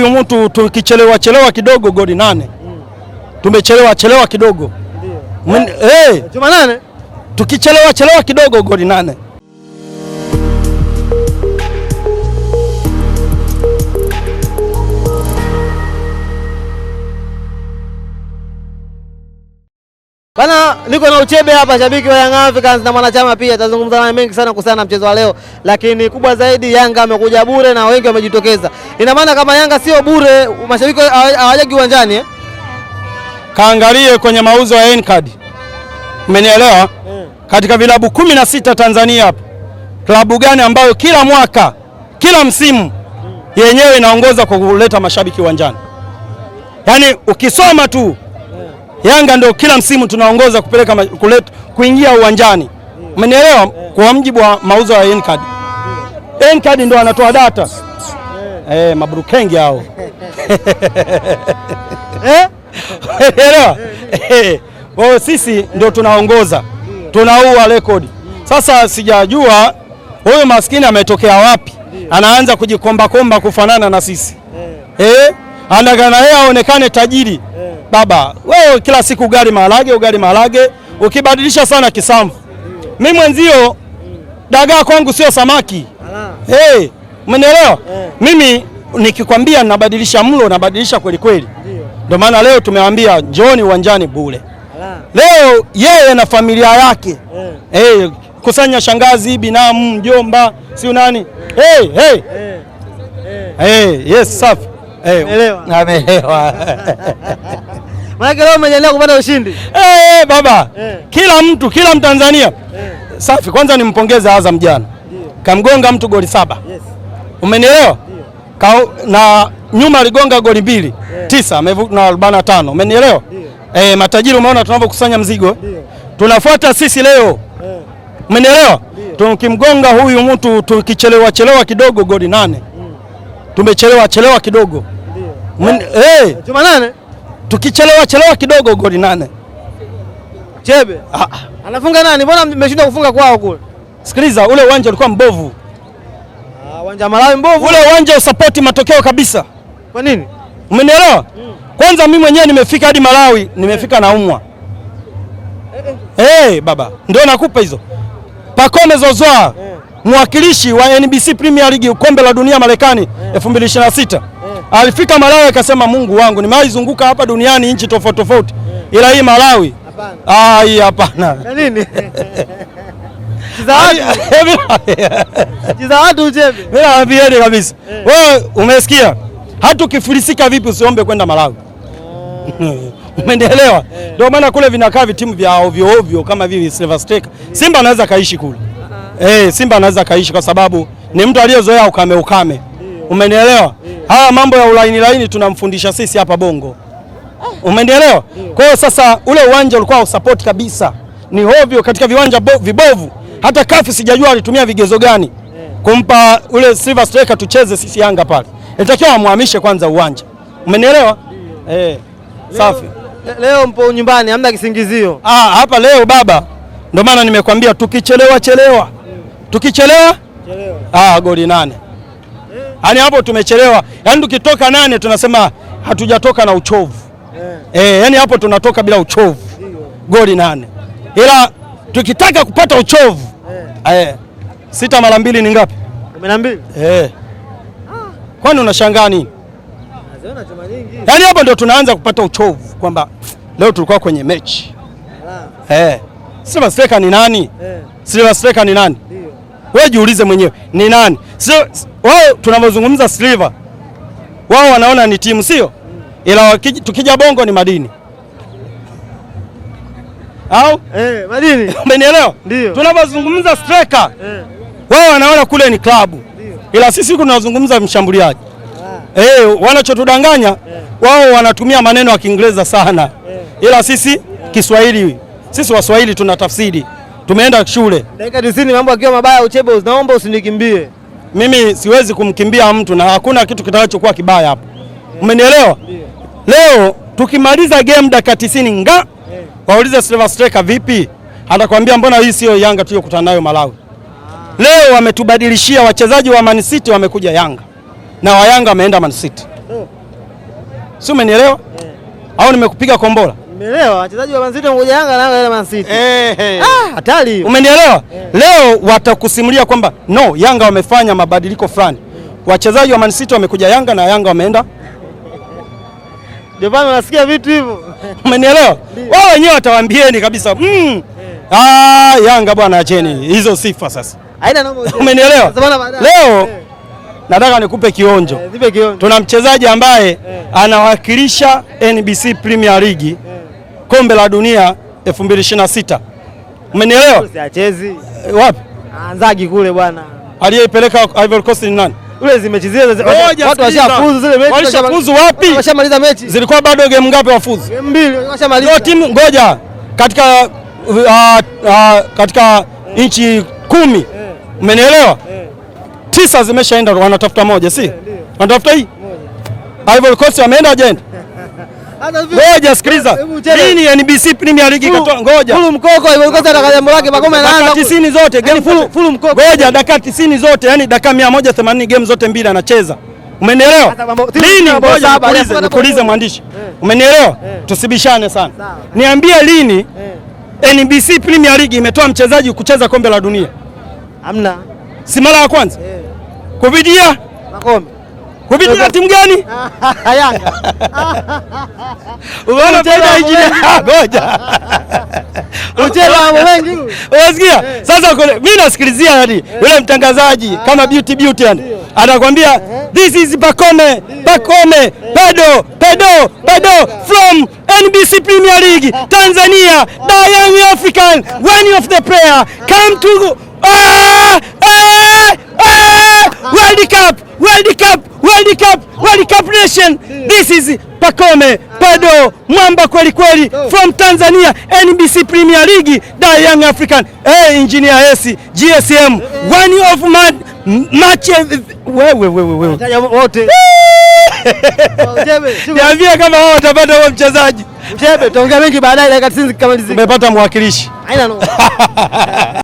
Huyu mtu tukichelewa chelewa kidogo goli nane. Tumechelewa chelewa kidogo. Ndio. Hey, eh! tukichelewa chelewa kidogo goli nane. niko na Uchebe hapa, shabiki wa Young Africans na mwanachama pia. Tazungumza naye mengi sana kuhusiana na mchezo wa leo, lakini kubwa zaidi, Yanga amekuja bure na wengi wamejitokeza. Ina maana kama Yanga sio bure, mashabiki hawajaji uwanjani eh? Kaangalie kwenye mauzo ya Ncard, umenielewa eh. Katika vilabu kumi na sita Tanzania hapa, klabu gani ambayo kila mwaka kila msimu hmm. yenyewe inaongoza kwa kuleta mashabiki uwanjani? Yaani ukisoma tu Yanga ndio kila msimu tunaongoza kupeleka kuleta, kuingia uwanjani, umenielewa? Kwa mjibu wa mauzo ya N-card. ndio anatoa data eh, eh maburukengi hao eh? Eh. Kwa sisi ndio tunaongoza, tunaua rekodi. Sasa sijajua huyu maskini ametokea wapi, anaanza kujikombakomba kufanana na sisi eh, anagana yeye aonekane tajiri baba wewe, kila siku ugali maharage, ugali maharage, ukibadilisha sana kisamvu. Mi mwenzio dagaa kwangu sio samaki, hey, umenielewa? Mimi nikikwambia nabadilisha mlo nabadilisha kweli kweli, ndio maana leo tumewaambia njooni uwanjani bure leo, yeye na familia yake hey. Hey, kusanya shangazi, binamu, mjomba, si nani hey, hey. Hey. Hey, yes, safi. Hey, ameelewa. Maana leo umejiandaa kupata ushindi. Eh, eh baba. Hey. Eh. Kila mtu, kila Mtanzania. Hey. Eh. Safi, kwanza nimpongeze Azam jana. Kamgonga mtu goli saba. Yes. Umenielewa? na nyuma aligonga goli mbili. Hey. Tisa amevuka na 45. Umenielewa? Yeah. Eh, matajiri umeona tunavyokusanya mzigo. Ndio. Tunafuata sisi leo. Hey. Umenielewa? Tukimgonga huyu mtu tukichelewa chelewa kidogo goli nane. Mm. Tumechelewa chelewa kidogo. Ndio. Eh. Hey. Juma nane? tukichelewa chelewa kidogo goli nane. Chebe ah, ah. anafunga nani? Mbona mmeshinda kufunga kwao kule? Sikiliza, ule uwanja ulikuwa mbovu. Ah, uwanja Malawi mbovu. Ule uwanja usapoti matokeo kabisa. Kwa nini? Umenielewa? Mm. Kwanza mimi mwenyewe nimefika hadi Malawi, nimefika hey, hmm. naumwa eh, Hey, eh. eh, baba ndio nakupa hizo Pacome Zozoa hey, eh. mwakilishi wa NBC Premier League kombe la dunia Marekani 2026 hey. Alifika Malawi akasema, Mungu wangu, nimeizunguka hapa duniani nchi tofauti tofauti, ila hii Malawi hii hapana. Mimi naambieni kabisa, wewe umesikia, hata ukifilisika vipi usiombe kwenda Malawi. Ah. Umenielewa? Ndio maana kule vinakaa vitimu vya ovyo ovyo kama vile Silver Strikers. Simba anaweza kaishi kule. Uh-huh. Eh, Simba anaweza kaishi kwa sababu ni mtu aliyezoea ukame ukame. Umenielewa? haya mambo ya ulaini laini tunamfundisha sisi hapa Bongo, umenielewa? Kwa hiyo sasa ule uwanja ulikuwa usapoti kabisa, ni hovyo katika viwanja vibovu. Hata kafu sijajua alitumia vigezo gani kumpa ule Silver Striker tucheze sisi Yanga pale, ilitakiwa wamhamishe kwanza uwanja, umenielewa? Eh, safi. Leo mpo nyumbani, hamna kisingizio ah, hapa leo baba, ndio maana nimekwambia tukichelewa chelewa, tukichelewa chelewa, ah, goli nane Yaani hapo tumechelewa, yaani tukitoka nane tunasema hatujatoka na uchovu yeah. E, eh, yaani hapo tunatoka bila uchovu Goli nane, ila tukitaka kupata uchovu yeah. E, eh. sita mara mbili ni ngapi? kumi na mbili e. Kwani unashangaa nini? Yaani hapo ndio tunaanza kupata uchovu kwamba leo tulikuwa kwenye mechi yeah. E. Silver ni nani? Yeah. Silver striker ni nani? Wewe jiulize mwenyewe ni nani? Silver wao tunavyozungumza Silver wao wanaona ni timu sio, ila tukija Bongo ni madini au eh, madini umenielewa? Tunavyozungumza striker eh, wao wanaona kule ni klabu, ila sisi tunazungumza mshambuliaji ah. eh, wanachotudanganya eh. wao wanatumia maneno ya Kiingereza sana eh, ila sisi eh, Kiswahili sisi Waswahili tuna tafsiri, tumeenda shule. Dakika 90 mambo akiwa mabaya, Uchebe, naomba usinikimbie mimi siwezi kumkimbia mtu na hakuna kitu kitakachokuwa kibaya hapo, umenielewa? Leo tukimaliza game dakika 90 nga waulize Silver Striker vipi, atakwambia mbona hii siyo Yanga tuliyokutana nayo Malawi. Leo wametubadilishia wachezaji wa Man City wamekuja Yanga na wa Yanga wameenda Man City, si umenielewa? Au nimekupiga kombora? Umeelewa? Wachezaji wa Man City wamekuja Yanga na wale Man City. Eh, Ah, hatari. Umenielewa? Eh. Leo watakusimulia kwamba no, Yanga wamefanya mabadiliko fulani. Wachezaji wa Man City wamekuja Yanga na Yanga wameenda. Ndio bana unasikia vitu hivyo. Umenielewa? Wao wenyewe watawaambieni kabisa. Mm. Ah, Yanga bwana acheni eh. hizo sifa sasa. Haina noma. Umenielewa? Leo Nataka nikupe kionjo. kionjo. Tuna mchezaji ambaye anawakilisha NBC Premier League kombe la dunia 2026. Umenielewa? Siachezi. Eh, wapi? Anzagi kule bwana. Aliyeipeleka Ivory Coast ni nani? Ule zimechezea zile watu washafuzu zile mechi. Washafuzu wapi? Washamaliza mechi. Zilikuwa bado game ngapi wafuzu? Game mbili, washamaliza. Yo timu ngoja katika uh, uh, katika Inchi kumi. Eh. Umenielewa? Eh. Tisa zimeshaenda wanatafuta moja si? Wanatafuta hii? Moja. Ivory Coast wameenda ajenda. Ngoja sikiliza. Nini NBC Premier League ikatoa? ngoja. Fulu mkoko imekosa na jambo lake Pacome anaanza. Dakika 90 zote. Yaani game fulu fulu mkoko. Ngoja dakika 90 zote, yani dakika 180 game zote mbili anacheza. Umenielewa? Lini ngoja nikuulize mwandishi. Umenielewa? Tusibishane sana. Niambie lini eh. NBC Premier League imetoa mchezaji kucheza kombe la dunia? Hamna. Si mara ya kwanza. Eh. Kupitia Pacome kupitia timu gani? Yanga. Unaona faida hii ngoja. Uchela wengi. Unasikia? Eh. Sasa mimi nasikilizia yani eh. yule mtangazaji ah. kama beauty beauty yani. Anakuambia eh. this is Pacome, Pacome, pedo, pedo, pedo from NBC Premier League ah. Tanzania, ah. the young African, one of the player come to World Cup, World Cup World Cup, World Cup nation. This is Pakome Pado Mwamba kweli kweli from Tanzania NBC Premier League da Young African. Hey, engineer S GSM one of mad match wewe wewe wewe. Wote. Niambie kama wao watapata huo mchezaji. Mchebe, tuongea mengi baadaye, dakika 90 kama hizi. Umepata mwakilishi. Haina no.